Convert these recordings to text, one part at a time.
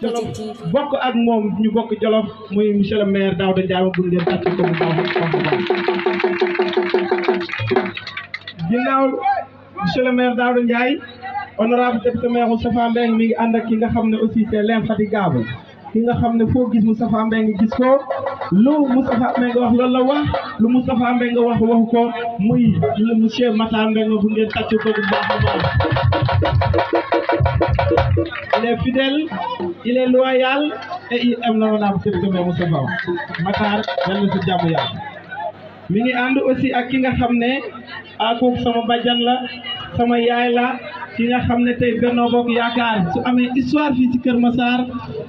Jolof bokk ak moom ñu bokk Jolof muy monsieur le maire Daouda Ndiaye ma buñ leen tàcce ko bu baax ginnaaw monsieur le maire Daouda Ndiaye honorable député maire Moustapha Mbengue mi ngi ànd ak ki nga xam ne aussi c'est l'infatigable ki nga xam ne foo gis Moustapha Mbengue gis ko lu Moustapha Mbengue wax loolu la wax lu Moustapha Mbengue wax waxu ko muy le monsieur Matar Mbengue bu ngeen tàcc ko bu baax a baax il est fidèle, il est loyal et il aime l'honorable député Moustapha Matar yàlla na si jàmm yàlla mi ngi ànd aussi ak ki nga xam ne akoob ah, sama bàjjan la sama yaay la ki nga xam ne tey Benno Bokk Yaakaar su amee histoire fii ci Kër Massar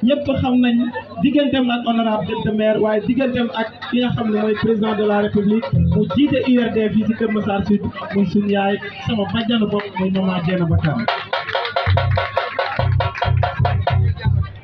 ñëpp xam nañ digganteem ak honorable député maire waaye digganteem ak ki nga xam ne mooy président de la république mu jiite URD fii ci Kër Massar Sud muy suñu yaay sama bàjjanu bopp muy Maman Dieynaba Kane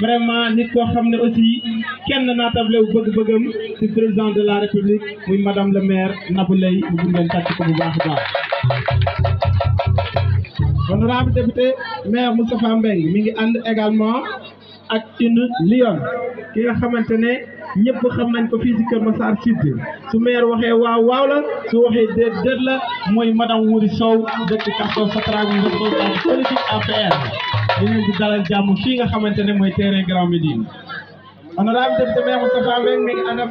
vraiment nit koo xam ne aussi kenn naatable wu bëgg-bëggam ci président de la république muy madame le maire Nabou Leye mu ngi ko bu baax a baax. honorable député maire Moustapha mbeng mi ngi ànd également ak une lionne ki nga xamante ne ñëpp xam nañ ko fii ci Massar Sud su maire waxé waaw waaw la su waxé déet déet la mooy madame wouri Sow dëkk Kastor Satrang mu ngi politique affaire ñu leen di dalal jàmm fii nga xamante ne mooy terrain Grand Médine honorable député Moustapha Mbeng mi ngi ànd ak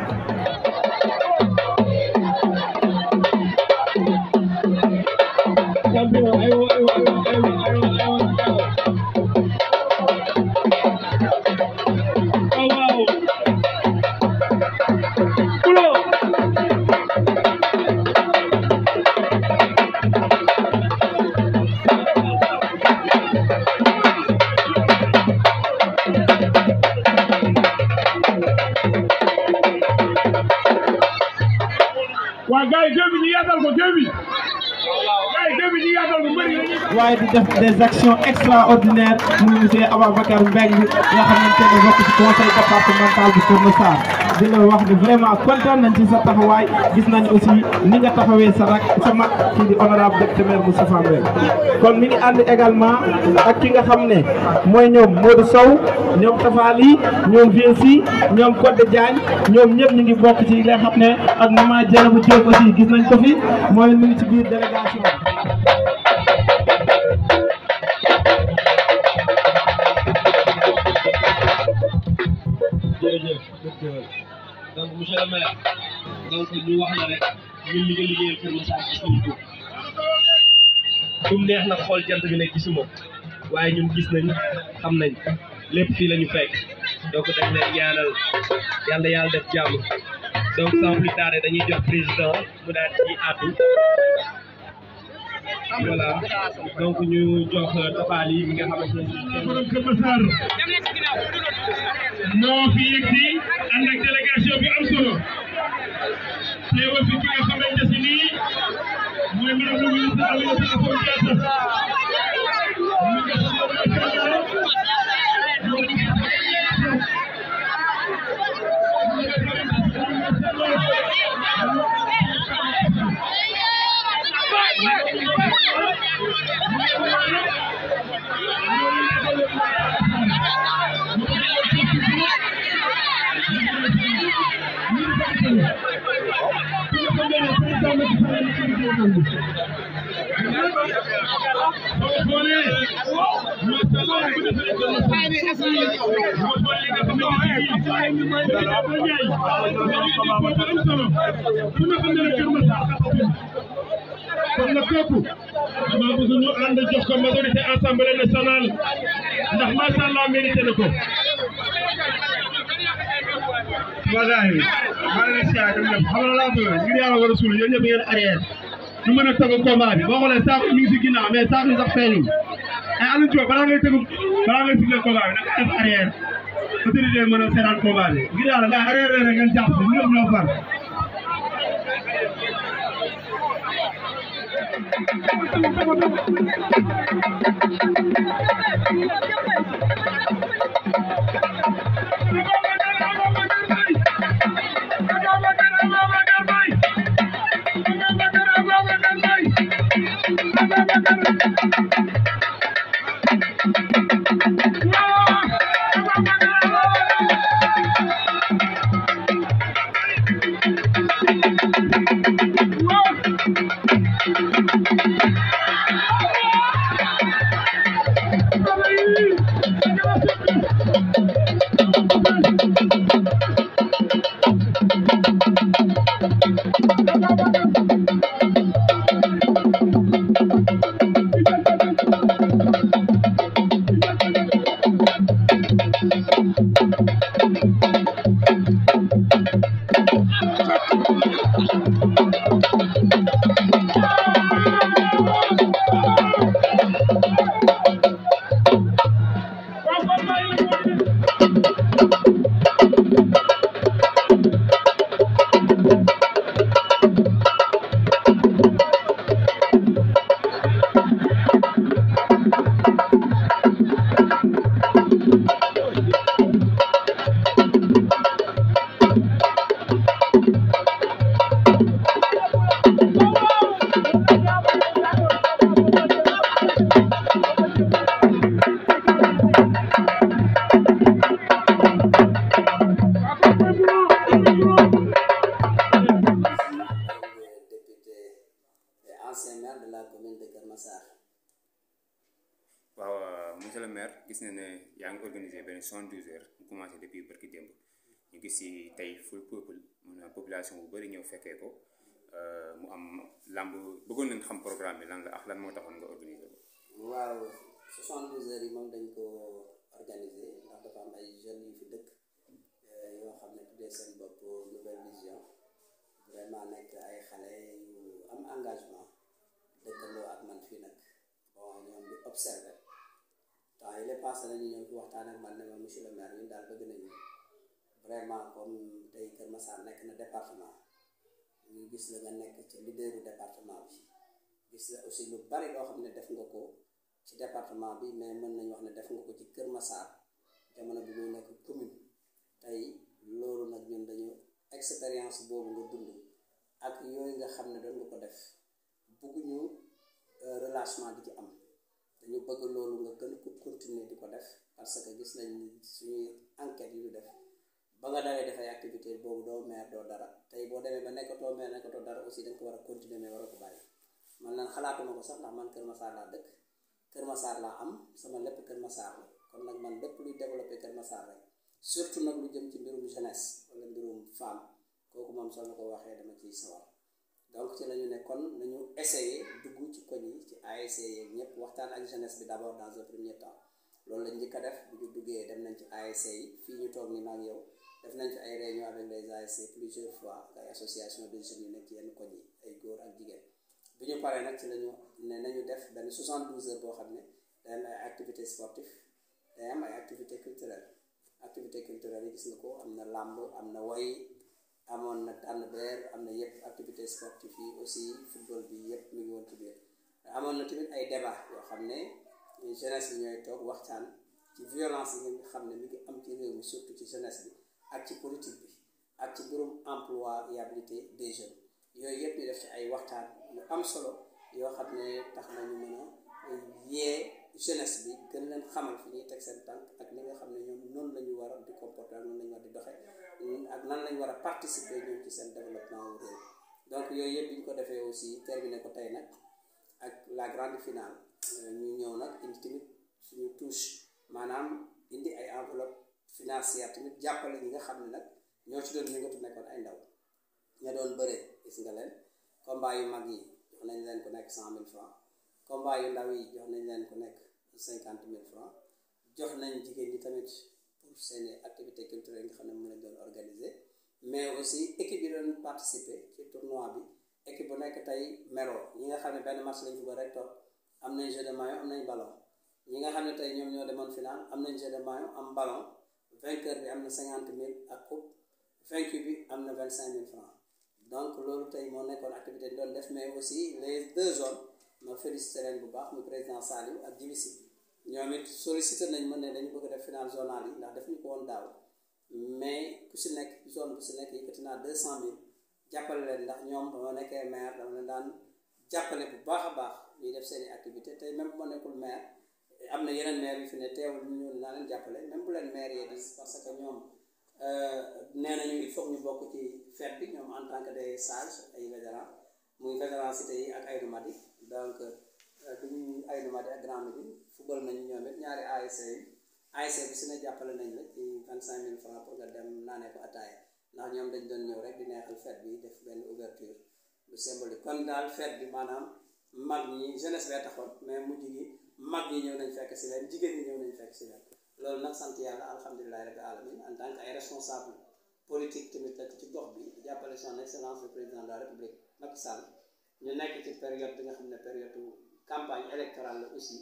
gars yi deux bi ñu yaatal ko deux bi gars yi deux bi ñu yaatal ko mbëri waaye di def des actions extraordinaires muy monsieur Ababacar Mbengue nga xamante ne bokk ci conseil départemental bu Keur di la wax ne vraiment kontaan nañ ci sa taxawaay gis nañ aussi ni nga taxawee sa rak sa mag kii di honorable député maire Moustapha Mbène kon mi ngi ànd également ak ki nga xam ne mooy ñoom Modou Sow ñoom Tafali ñoom Vinci ñoom Codé Diagne ñoom ñëpp ñu ngi bokk ci li nga xam ne ak maman Diallo Diop aussi gis nañ ko fi mooy mu ngi ci biir délégation maire donc ñu neex nag xool jant bi ne gisuma waaye ñun gis nañ xam nañ lépp fii la doo ko donc dañ yaa ñaanal yàlla yàlla def jàmm donc sans plus tarder dañuy jox président mu daal di àddu voilà donc ñu jox tabaal yi mi nga xamante ne borom Kër Massar moo fi yegg si ànd ak délégation bi am solo teewal fi ki nga xamante ne nii mooy madame la ministre Aminata Assome Diatta kon nag képp damaa bëgg ñu ànd jox ko majorité assemblée nationale ndax macha allah mérité waa gars yi maa ngi leen si waay ñoom ñëpp xam nga laa bëgg ngir yàlla war a suul yéen ñëpp ngeen arrière ñu mën a tëgg combat bi boo xoolee saako mi ngi si ginnaaw mais saako yi sax feeñul ay eh, Aliou Diop balaa ngay tëgg balaa ngay siffler combat bi naka def arrière autorité yi mën a seetaan combat nga arrière rek ngeen jàpp si ñëpp commune de Kër Massar. waaw euh, monsieur le maire gis na ne yaa ngi organisé benn soixante-douze heures mu commencé depuis barki démb ñu gis si tey ful peuple mun na population bu bëri ñëw fekkee ko euh, mu am làmb bëggoon nañ xam programme bi lan la ak lan moo taxoon nga organisé ko. waaw soixante-douze yi moom dañ ko organisé ndax dafa am ay jeunes yu fi dëkk euh, yoo xam ne tuddee seen bopp nouvelle vision vraiment nekk ay xale yu am engagement. dëkkandoo ak man fii nag bon ñoom di observé temps yi les passé nañu ñoom fi waxtaan ak man ne ma monsieur le maire ñun daal bëgg nañu vraiment comme tey Kër Massar nekk na département ñu gis la nekk ci leader bu département bi gis la aussi lu bari loo xam ne def nga ko ci département bi mais mën nañu wax ne def nga ko ci Kër Massar jamono bi muy nekk commune tey loolu nag ñun dañu expérience boobu nga dund ak yooyu nga xam ne dañ nga ko def bëgguñu euh, relâchement di ci am dañu bëgg loolu nga gën ko continuer di ko def parce que gis nañ ni suñuy enquête yu ñu def ba nga dalee dafay activité boobu doo meer doo dara tey boo defee ba nekkatoo meer nekkatoo dara aussi da ko war a continuer mais war a ko bàyyi man nag xalaatuma ko sax ndax man Kër Massar laa dëkk Kër Massar laa am sama lépp Kër Massar la kon nag man lépp luy développé Kër Massar rek surtout nag lu jëm ci mbirum jeunesse wala mbirum femme kooku moom soo ma ko waxee dama ciy sawar donc ci la ñu ne kon nañu essayer dugg ci koñ yi ci ASC yeeg ñëpp waxtaan ak jeunesse bi d' abord dans un premier temps lool lañ njëkk def bu ñu duggee dem nañ ci ASC fii ñu toog ni maag yow def nañ ci ay réunion avec les ASC plusieurs fois ay association de jeunes yu nekk ci yenn koñ yi ay góor ak jigéen bu ñu paree nag ci la ñu ne nañu def benn 72 heures boo xam ne day am ay activité sportive day am ay activité culturelle activité culturelle yi gis ko am na làmb am na amoon na tànn beer am na yëpp activité sportive yi aussi football bi yëpp mu ngi woon ci amoon na tamit ay débat yoo xam ne jeunesse bi ñooy toog waxtaan ci violence yi nga xam ne mi ngi am ci réew surtout ci jeunesse bi ak ci politique bi ak ci mbirum employabilité des jeunes yooyu yëpp ñu def ci ay waxtaan yu am solo yoo xam ne tax na ñu mën a bi gën leen xamal fi ñuy teg seen tànk ak li nga xam ne ñoom noonu lañu ñu war a di comporter noonu la ñu war di doxee ak lan lañ war a participer ñoom ci seen développement wu réew donc yooyu yëpp bi ñu ko defee aussi terminé ko tey nag ak la grande finale euh, ñu ñëw nag indi tamit suñu touche maanaam indi ay enveloppe financière tamit jàppale ñi nga xam ne nag ñoo ci doon yëngatu nekkoon ay ndaw ña doon bëree gis nga leen combat yu mag yi jox nañ leen ku nekk cent mille yu ndaw yi jox nañ leen ku nekk cinquante mille francs jox nañ jigéen ñi tamit seen activité culturelle yi nga xam ne mun a doon organiser mais aussi équipe yi doon participer ci tournoi bi équipe bu nekk tey mero ñi nga xam ne benn match lañ football rek toog am na jeu de am nañ ballon ñi nga xam ne tey ñoom ñoo demoon final am na jeu de maillot am ballon vainqueur bi am na cinquante mille ak coupe vaincu bi am na vingt cinq mille francs donc loolu tey moo nekkoon activité doon def mais aussi les deux zones ma félicité leen bu baax mu président Saliou ak Djibi Sy ñoom it sollicité nañ mën ne dañu bëgg def final zonal yi ndax def ñu ko woon daaw mais ku si nekk zone bu si nekk yëkkati naa deux cent mille jàppale leen ndax ñoom dama nekkee maire dama leen daan jàppale bu baax a baax ñuy def seen i activité tey même bu ma nekkul maire am na yeneen maire yu fi ne teewul ñu ñëw naa leen jàppale même bu leen maire yee di parce que ñoom euh, nee nañu il faut ñu bokk ci fête bi ñoom en tant que des sages ay vétérans muy vétérans cité yi ak ay bi ñuy ay nomade ak Grand Médine football nañu ñoom it ñaari ASC yi ASC bi su ne jàppale nañ la ci vingt cinq mille francs pour nga dem naanee ko ataaya ndax ñoom dañ doon ñëw rek di neexal fête bi def benn ouverture lu symbolique kon daal fet bi maanaam mag ñi jeunesse bee taxoon mais mujj gi mag ñi ñëw nañ fekk si leen jigéen ñi ñëw nañ fekk si leen loolu nag sant yàlla alhamdulilahi rabbi alamin en tant que ay responsable politique tamit dëkk ci gox bi jàppale son excellence le président la république Macky nekk ci période bi nga xam ne période campagne électorale la aussi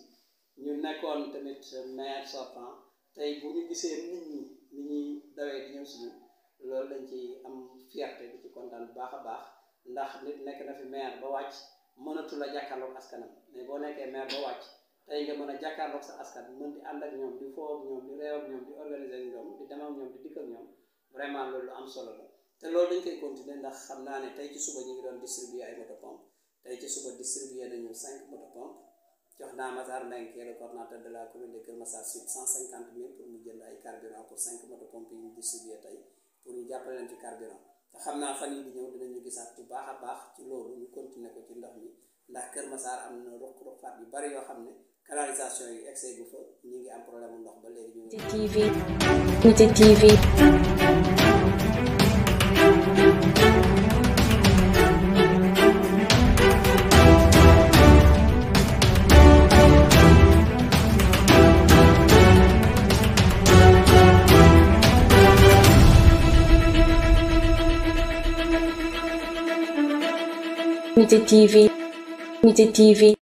ñu nekkoon tamit maire sortant tey bu ñu gisee nit ñi ni ñuy dawee di ñëw suñu loolu lañ ci am fierté di ci kontaan bu baax a baax ndax nit nekk dafa fi maire ba wàcc mënatu a jàkkaarloog askanam mais boo nekkee maire ba wàcc tey nga mën a jàkkaarloog sa askan mën di ànd ak ñoom di foo ak ñoom di réew ak ñoom di organiser ñoom di dem ak ñoom di dikk ak ñoom vraiment loolu lu am solo la te loolu dañ koy continuer ndax xam naa ne tey ci suba ñu ngi doon distribuer tey ci suba distribué nañu cinq moto pompe jox naa Matar Mbengue la commune de Kër Massar Sud cent cinquante mille pour mu jënd ay carburant pour cinq moto pompe yi ñu distribué tey pour ñu jàppale leen ci carburant xam naa fan yi di ñëw dinañu gisaat bu baax a baax ci loolu ñu continuer ko ci ndox mi ndax Kër Massar am na ruq-ruqaat yu bari yoo xam ne canalisation yi excès gu fa ñu ngi am problème ndox ba léegi ñu. Unity v Unity TV.